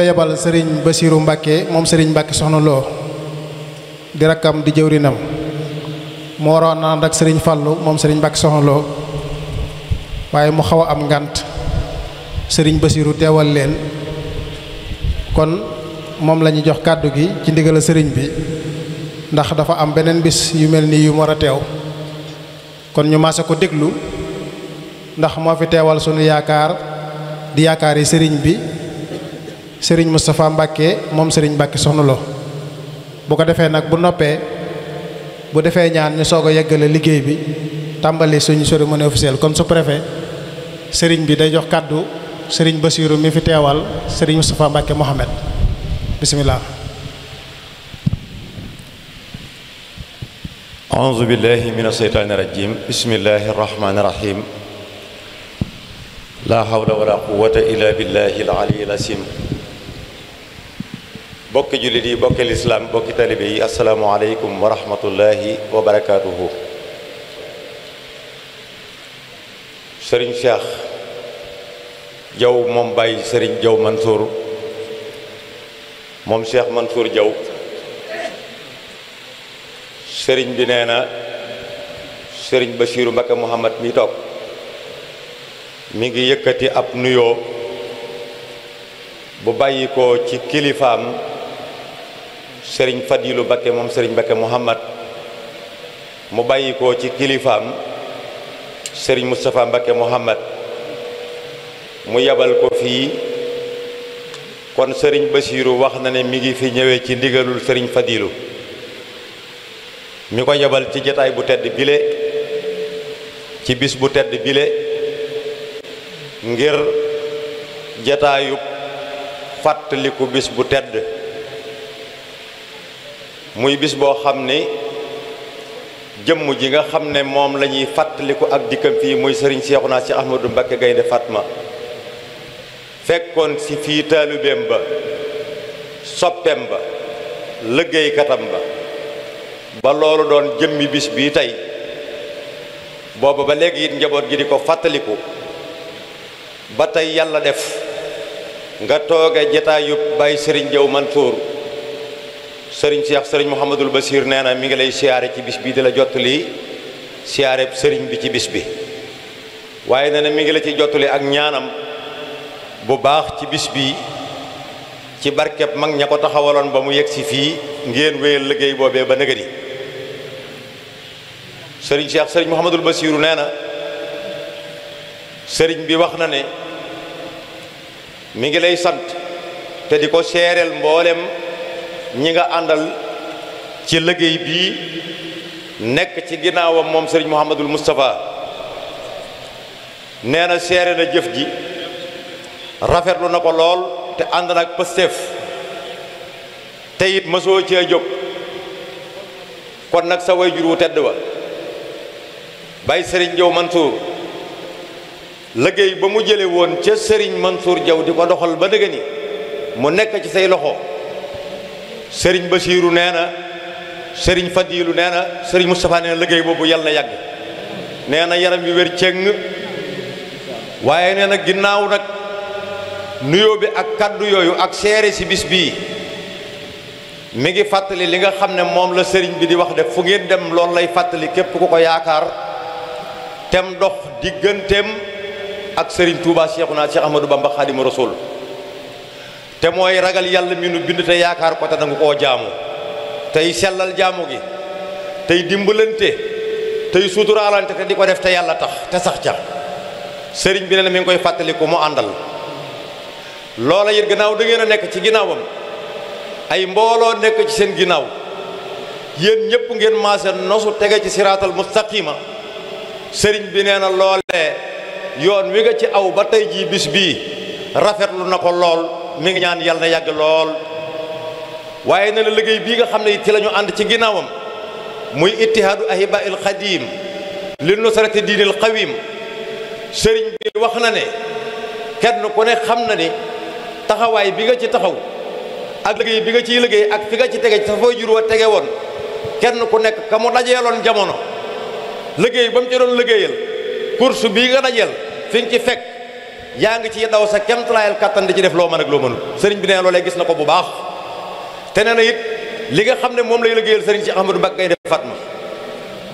yabal serigne basirou mbake mom serigne mbake Mbàkke soxna lo di rakam di jeurinam mo ro na ànd ak mom Fàllu moom sëriñ Mbàkke soxna loo mu xawa am ngant serigne basirou tewal len kon mom lañu jox kaddu gi ci ndigal serigne bi ndax dafa am benen bis yu ni yu mara tew kon ñu massa ko deglu ndax mo fi tewal sunu yaakar di yaakar serigne bi sëriñ Moustapha Mbacke moom sëriñ Mbacke soxna Lo bu ko defee nag bu noppee bu defee ñaan ñu soog a yeggale liggéey bi tàmbali suñu cérémonie officielle kon su préfet sëriñ bi day jox kàddu sëriñ Bassirou mi fi teewal sëriñ Moustapha Mbacke Mohamed bisimilah. aouzu billahi min aseytaani rajim bismillahi rahmaani rahim. la bokki jullit yi bokki lislaam bokki talibe yi asalaamualeykum wa rahmatullahi wa barakaatuhu sëriñ Cheikh Jaw moom bàyyi sëriñ Jaw Mansour moom Cheikh Mansour Jaw sëriñ bi nee na sëriñ Bachiru Mbakke Muhammad mi toog mi ngi yëkkati ab nuyoo bu bàyyi ko ci kilifaam sëriñ Fadilu Bakke moom sëriñ Bakke Muhammad mu bàyyi ko ci kilifaam sëriñ Moustapha Mbakke Muhammad mu yabal ko fii kon sëriñ Basiiru wax na ne mi ngi fi ñëwee ci ndigalul sëriñ Fadilu mi ko yabal ci jataay bu tedd bile ci bis bu tedd bile ngir jataayub fàttaliku bis bu tedd muy bis boo xam ne jëmm ji nga xam ne moom la ñuy fàttaliku ak dikkam fii muy sëriñ Seexuna si Ahmadou Mbakke Gaynde Fatma fekkoon ci fii taalibeem ba soppeem ba liggéeykatam ba ba loolu doon jëmmi bis bii tey booba ba léegi it njaboot gi di ko fàttaliku ba tey yàlla def nga tooge jataayub Baay Sëriñ man Mansuur sëriñ Cheikh sëriñ Mouhamadul Basir nee na mi ngi lay siyaare ci bis bi di la jottali siyaare sëriñ bi ci bis bi waaye nee na mi ngi la ci jottali ak ñaanam bu baax ci bis bi ci barkeb mag ña ko taxawaloon ba mu yegg si fii ngeen wéyal liggéey boobee ba nëgëri sëriñ Cheikh sëriñ Mouhamadul Basiru nee na sëriñ bi wax na ne mi ngi lay sant te di ko seereel mboolem. ñi nga àndal ci liggéey bii nekk ci ginnaawam moom sëriñ Mouhamadul Moustapha nee na seere na jëf ji rafetlu na ko lool te ànd na ak pësteef te it mësoo cee jóg kon nag sa way jur wu tedd wa bay sëriñ Jaw Mansour liggéey ba mu jële woon ca sëriñ Mansour Jaw di ko doxal ba dëgg mu nekk ci say loxo sëriñ Basiiru nee na sëriñ Fadilu nee na sëriñ Moustapha nee na liggéey boobu yàlla na yàgg nee na yaram yu wér cëng waaye nee na ginnaaw nag nuyoo bi ak kàddu yooyu ak seere si bis bii mi ngi fàttali li nga xam ne moom la sëriñ bi di wax def fu ngeen dem lool lay fàttali képp ku ko yaakaar tem dox digganteem ak sëriñ Touba Cheikhouna Cheikh Ahmadou Bamba Khadimou Rasoul te mooy ragal yàlla mi nu bind te yaakaar ko te nangu koo jaamu tey sellal jaamu gi tey dimbalante tey suuturaalante te di ko def te yàlla tax te sax ca sëriñ bi ne na mi ngi koy fàttaliku mu àndal loola it gannaaw da ngeen a nekk ci ginnaawam ay mbooloo nekk ci seen ginnaaw yéen ñëpp ngeen maase nosu tege ci siraatal mustaqima sëriñ bi nee na loolee yoon wi nga ci aw ba tey jii bis bii rafetlu na ko lool mi ngi ñaan yàlla na yàgg lool waaye nee na liggéey bii nga xam ne ci la ànd ci ginnaawam muy ittihaadu ahibaa il xadiim li nusrati diinil qawim sëriñ bi wax na ne kenn ku ne xam na ni taxawaay bi nga ci taxaw ak liggéey bi nga ciy liggéey ak fi nga ci tege sa fooy jur wa tege woon kenn ku nekk ka mu dajeeloon jamono liggéey ba mu ci doon liggéeyal course bii nga dajeel fi nga ci fekk yaa ngi ci daw sa kemtulaayal kàttan di ci def loo mën ak loo mënul sëriñ bi nee loolee gis na ko bu baax te nee na it li nga xam ne moom lay liggéeyal sëriñ si Ahmadou Mbacké Gaïndé Fatma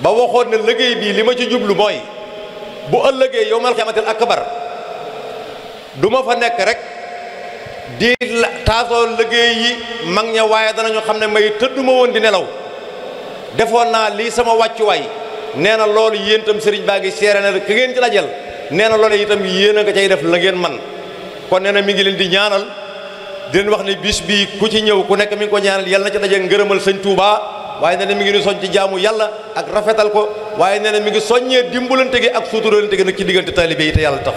ba waxoon ne liggéey bii li ma ci jublu mooy bu ëllëgee yow mal xiyamatil akbar du ma fa nekk rek di taasoo liggéey yi mag ña waaye danañu xam ne may ma woon di nelaw defoon naa lii sama wàccuwaay nee na loolu yéen itam sëriñ baa ngi seere na ki ngeen ci la lajal nee na loole itam yéen a nga cay def la ngeen man kon nee na mi ngi leen di ñaanal di leen wax ne bis bii ku ci ñëw ku nekk mi ngi ko ñaanal yàlla na ci daje ngërëmal sëñ Touba waaye nee na mi ngi ñu soñ ci jaamu yàlla ak rafetal ko waaye nee na mi ngi soññee dimbalante gi ak suuturalante gi nag ci diggante taalibe yi te yàlla tax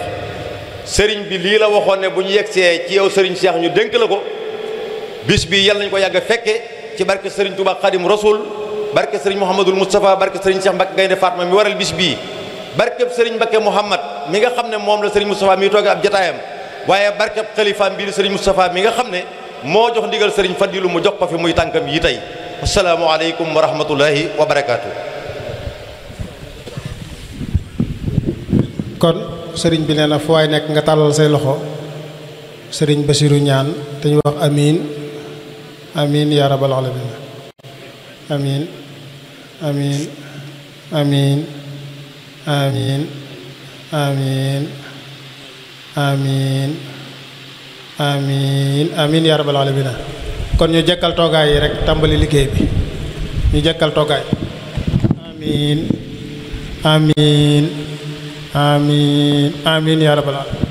sëriñ bi lii la waxoon ne bu ñu yegsee ci yow sëriñ seex ñu dénk la ko bis bii yàlla nañu ko yàgg fekke ci barke sëriñ Touba Khadim Rasoul barke sëriñ Mouhamadul Moustapha barke sëriñ Cheikh Mbacke Gaynde mi waral bis bii barkep serigne Mbakke mohammed mi nga xamne mom la serigne Moustapha mi toog ab jataayam waye barkep khalifa bii di sëriñ Moustapha mi nga xamne mo jox ndigal serigne Fadilu mu jox ko fi muy tankam yi assalamu alaykum wa rahmatullahi wa barakatuh kon serigne bi neena na fu waay nekk nga talal say loxo serigne basirou ñaan te ñu wax amin amin ya rabbal Alamin, Amin, Amin, Amin. آمين آمين آمين آمين آمين يا رب العالمين kon ñu jëkkal toogaay yi rek tàmbali liggéey bi ñu jëkkal toogaay amiin amiin amiin amiin yaa